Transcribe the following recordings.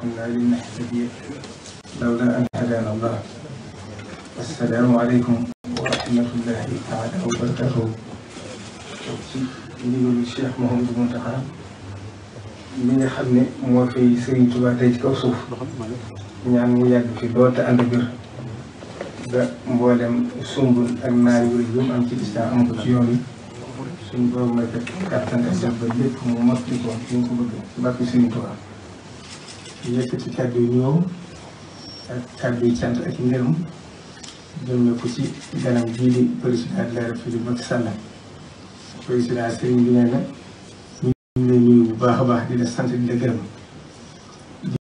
كنا لنهتدي لولا أن هدانا الله السلام عليكم ورحمة الله تعالى وبركاته ci ndigalu Cheikh Mouhamadou Mountakha mi nga xam ne moo fi Sëriñ Tuubaa tey ci kaw suuf ñaan mu yàgg fi lool te ànd ak biir mboolem sumbul ak naari wuri yu mu am ci lislaam am ko ci yoon suñ boobu may fekk kàttan ak jàpp lépp mu mot ci ko fi ñu ko bëgg ci bàkk Sëriñ Tuubaa yëkkati kàddu yu ñëw ak kàddu yu cant ak ngërëm jëmee ko ci ganam bii di président de la république Macky Sall président sëriñ bi na ñu ngi lay nuyu bu baax a baax di la sant di la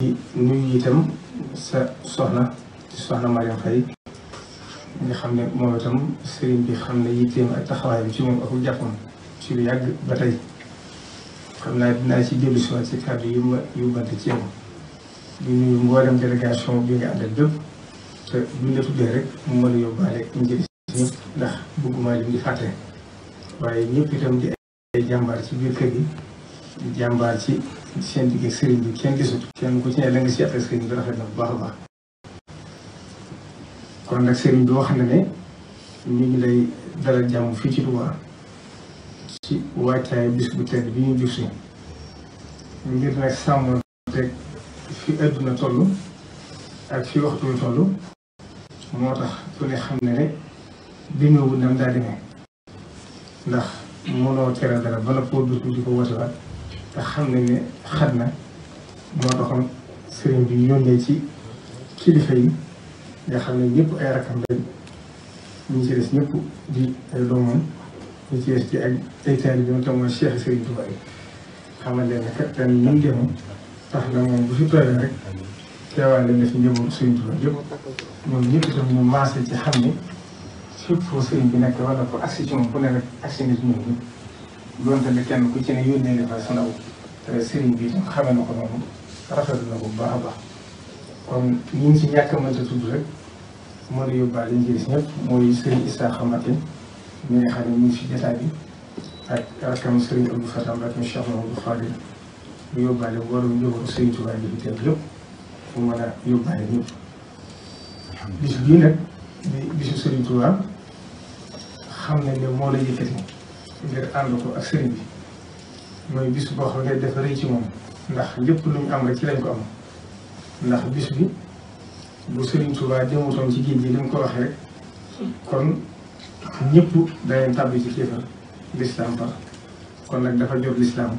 di nuyu itam sa soxna ci soxna Mariam Faye nga xam ne moom itam sëriñ bi xam ne yitteem ak taxawaay bi ci moom ak jàppam ci lu yàgg ba tey xam naa dinaa ci dellu si waat yu yu bant ci yow di nuyu mboolem délégation bi nga àndal bépp te buñ la tuddee rek mu ma a yóbbaale njëriñ si ñëpp ndax bëgguma lim di fàtte waaye ñëpp itam di ay jàmbaar ci biir kër gi di jàmbaar ci seen digg sëriñ bi kenn gisut kenn ci ne la rafet bu baax a kon nag sëriñ bi wax na ne ñu ngi lay dalal jàmm fii ci Touba ci waajtaay bis bi ñu rek fi àdduna toll ak fi waxtu wi toll moo tax ku ne xam ne ne demeewul nam daa demee ndax mënoo tere dara bala koo dutu di ko wotewaat te xam ne ne xat na moo taxoon sëriñ bi yónnee ci kilifa yi nga xam ne ñëpp ay rakam lañ ci des ñëpp di ay leen ne kat ren ndax nag moom fi toogee rek teewaale nga fi njaboot Sëriñ Tuubaa yëpp ñoom ñëpp itam ñu maase ci xam ni fépp foo sëriñ bi nekk wala ko agsi ci moom ku ne rek agsi na ci ñoom ñëpp donte ne kenn ku ci ne yónnee na fa sa ndaw sëriñ bi itam xamee na ko noonu rafetlu na ko bu baax a baax kon ñu ngi ci ñàkk a mënta tudd rek mën a yóbbaale ñu gis ñëpp mooy sëriñ Issa xamante mi nga xam ne ñu ngi fi jotaay bi ak rakam sëriñ Abdou Fatam rakam Cheikh Mamadou Fadil bu yóbbaale borom njaboot Sëriñ Tuubaa yi fi teew lépp mu mën a yóbbaale ñëpp bis bii nag di bisu Sëriñ Tuubaa xam nañ ne moo la yëkkati ngir ànd ko ak sëriñ bi mooy bis boo xam ne dafa rëy ci moom ndax lépp lu am rek ci lañ ko am ndax bis bi bu Sëriñ Tuubaa demutoon ci géej gi li ko waxee kon ñépp dañuy tàbbi ci kéefar lislaam par kon nag dafa jot lislaam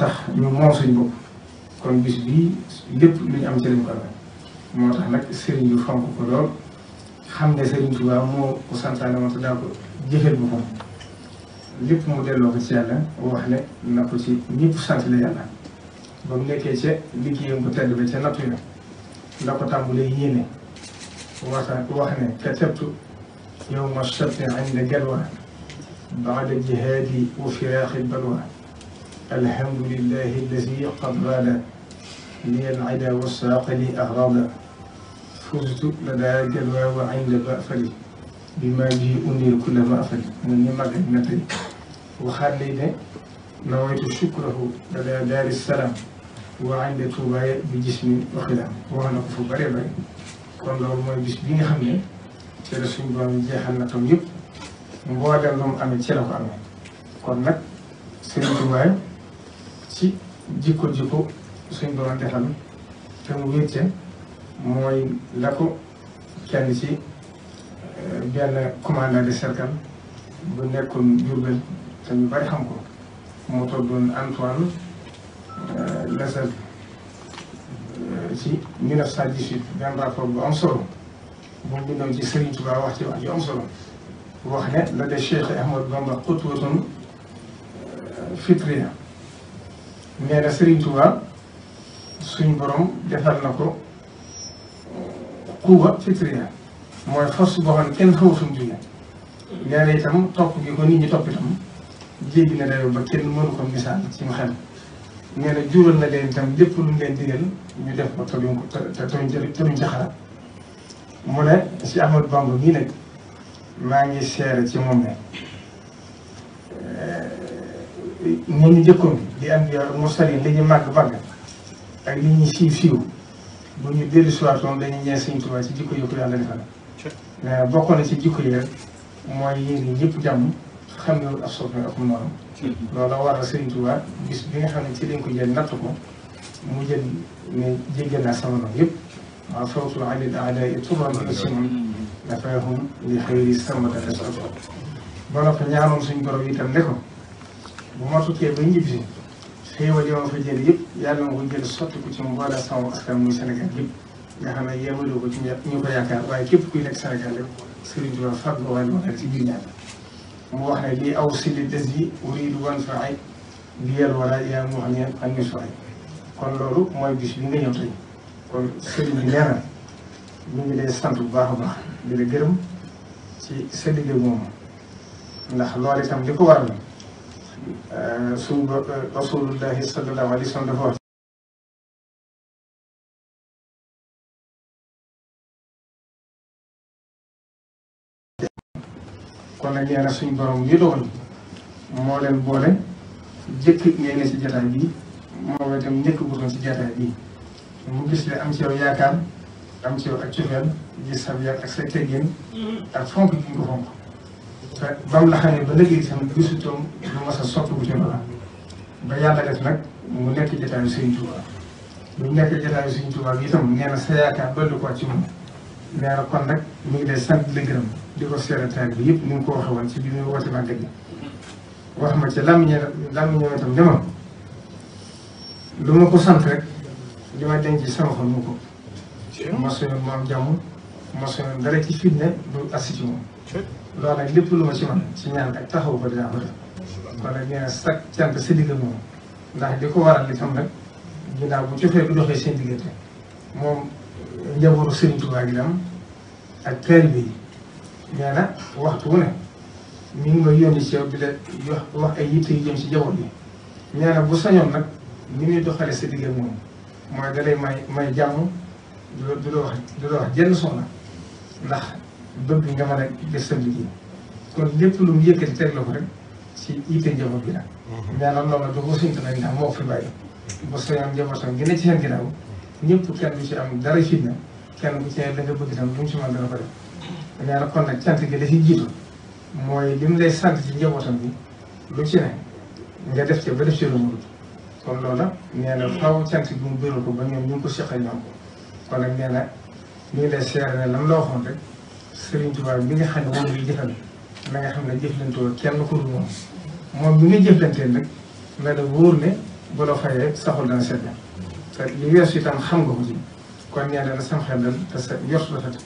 tax ñu moom suñ bopp kon bis bii lépp lu am ci ko amee moo tax nag sëriñ bi fonk ko lool xam ne sëriñ Tuubaa moo ko santaane woon te daa ko jëfeel bu ko lépp mu delloo ko ci yàlla wax ne na ko ci sant la yàlla ba mu nekkee ca liggéeyam ko tedd ba ca nattu na la ko tàmbalee yéene wax ne katabtu yow ma sotti inda galwa baada jihaadi wa firaaxi balwa الحمد لله الذي قد بال لي العدا والساق لي أهرابا فزت لدى جلوى وعند بأفلي بما جيئني كل مأفل من نمك ابنتي وخلينا نويت شكره لدى دار السلام وعند توباي بجسم وخلام وانا كفو بري بري kon loolu mooy bis bi nga xam ne ci la suñu doom jeexal na tam yëpp mboolem lu mu amee ci la ko amee kon nag Sëriñ Tuubaa ci jikko jikko suñ doon defal te mu wéete mooy la ko kenn ci euh, de cercle bu nekkoon Diourbel te ñu bari xam ko moo tuddoon Antoine euh, Lazare euh, ci 1918 rapport bu am solo bu mu bindoon ci Serigne Touba wax ci wax ju am solo wax nee na Serigne Touba suñ borom defal na ko kuuba na mooy force boo kenn xaw suñ junne nee na itam topp gi ko nit ñi topp itam jéggi na dayoo ba kenn mënu ko misaal ci mu xel nee na jural na leen itam lépp lu mu leen digal ñu def ko te duñ ko te te duñ ci xalaat mu ne si Ahmadu Bamba mii nag maa ngi seere ci moom ne ñi ñu jëkkoon di am yor mursalin li ñu màgg màgg ak li ñu siiw siiw bu ñu dellu si waatoon dañu ñee Sëñ Tuubaa ci jikko yi ko yàlla defal mais yi rek mooy yéen ñëpp jàmm xam ne wul ab soppee ak noonu loolu waral Sëñ Tuubaa bis bi nga xam ne ci lañ ko jël natt ko mu jël ne jéggal naa sama noonu yëpp waaw fawtu alil aadaai turan asimon dafay hum li xëyri samata des ak ba noppi ñaanoon suñ borom itam ne ko bu ma tukkee ba ñibbi si xéewal yi ma fa jëlee yëpp yàlla na ko jël sotti ko ci mboolem sama askan muy Sénégal yëpp nga xam ne yeemaloo ko ci ñu ko yaakaar waaye képp kuy nekk Sénégal yëpp Serigne Touba fàggu waale ma ci biir ñaar mu wax ne lii aw si li des yi wuri du wan fa ay liyal wala yaa mu xam ne ak ñu soxay kon loolu mooy bis bi nga ñëw tey kon Serigne bi ñu ngi lay sant bu baax a baax di la gërëm ci sa liggéey ndax loolu suñu rasulullahi sallallahu alayhi kon nag nee na suñu borom yi dogal moo leen boole jëkk ngay ne ci jataay bi moo itam njëkk bu doon ci jataay bi mu gis ne am ci yow yaakaar am ci yow ak cofeel gis ak sa teggin ak fonk gi ko fonk te ba mu la xamee ba léegi tamit gisutoom lu mas a soppiku ci loola ba yàlla def nag mu nekk jotaayu Sëriñ Tuubaa bu nekk jotaayu Sëriñ Tuubaa bi itam nee sa yaakaar dolli ko ci moom nee na mu ngi lay sant di di ko seere taal yëpp ni mu ko waxee woon ci bi muy woote màggal wax ma ci lam ñe lam ñëw itam lu ma ko sant rek li ma denc sama xol mu ko ma suñu moom jàmm ma suñu dara ci fitne du assi ci moom loolu nag lépp lu ma ci man ci ñaan ak taxaw ko dinaa ko def kon nag nee na sag cant si digg moom ndax li ko waral li tam nag ginnaaw bu cofee bu doxee seen diggante moom njabootu Sëriñ Tuubaa gi dem ak taalibe yi nee waxtu wu ne mi ngi ma yónni ci yow bi la wax wax ay yitte yu jëm ci njaboot bi nee bu sañoon nag ni muy doxale sa digg moom mooy dalay may may jàmm du du la du la wax jenn soxna ndax bëgg nga mën a def sa liggéey kon lépp lu mu yëkkati teg la ko rek ci yitte njaboot bi la. mais nag loolu du ko suñu tamit ndax moo fi bàyyi. ba soñoon njabootam gi ne ci seen ginnaaw ñëpp kenn du ci nga def. mais nag kon nag cant gi da ci jiitu mooy li mu lay sant ci bi lu ci ne nga def ci ba def ci lu mu kon loolu la nee na faaw cant gi mu bëri ko ba ñoom ñu ngi ko seqal ñoom kon nag nee na ñu lay seer ne lan la waxoon rek. Serigne Touba bi nga xam ne moom lay jëfal na nga xam ne jëflantoo kenn ku dul moom moom bi nga jëflanteel nag na la wóor ne bu la fayee saxul dana sedd te li weesu itam xam nga ko ci kon nee na sam xel dal te sa yor rafet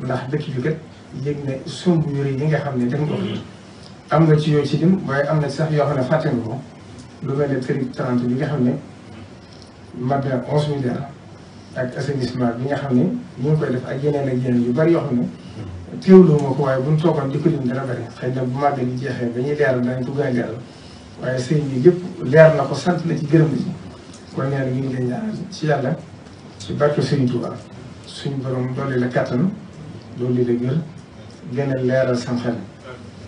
ndax dëkk bi kat yëg ne sumb yu yi nga xam ne def nga ko am na ci yooyu ci lim waaye am na sax yoo xam ne fàtte nga ko lu mel ne këri 30 bi nga xam ne mat na 11 milliards ak assainissement bi nga xam ne ñu ngi koy def ak yeneen ak yeneen yu bari yoo xam ne teewlu ma ko waaye bu ñu toogoon di ko lim xëy na bu màgg di jeexee ba ñuy leeral danañ ko gën waaye sëñ bi yëpp leer na ko sant la ci gërëm la ci kon nee na ñu ngi lay ñaanal ci yàlla ci barke Sëriñ la kàttan dolli la gër leeral sam xel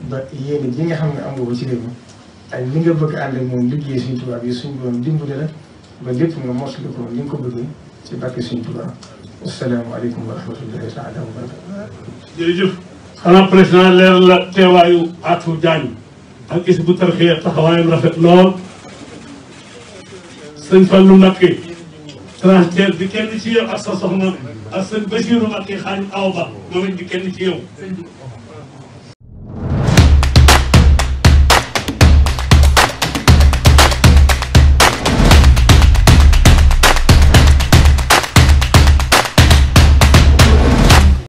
ba yéen nga xam ne am nga ko ci réew mi ak li nga bëgg ànd ak moom liggéey Sëriñ Tuubaa bi suñu borom dimbali la ba lépp nga mos li nga ko bëggee. ci barke suñu Tuubaa asalaamaaleykum wa rahmatullahi taala wa barakatu jërëjëf xanaa président leer la teewaayu Atou Diagne ak is bu tarxee taxawaayam rafet lool sëñ Fallou Mbacké transfert di kenn ci yow ak sa soxna ak sëñ Basiru Mbacké xaañ aw ba moom it di kenn ci yow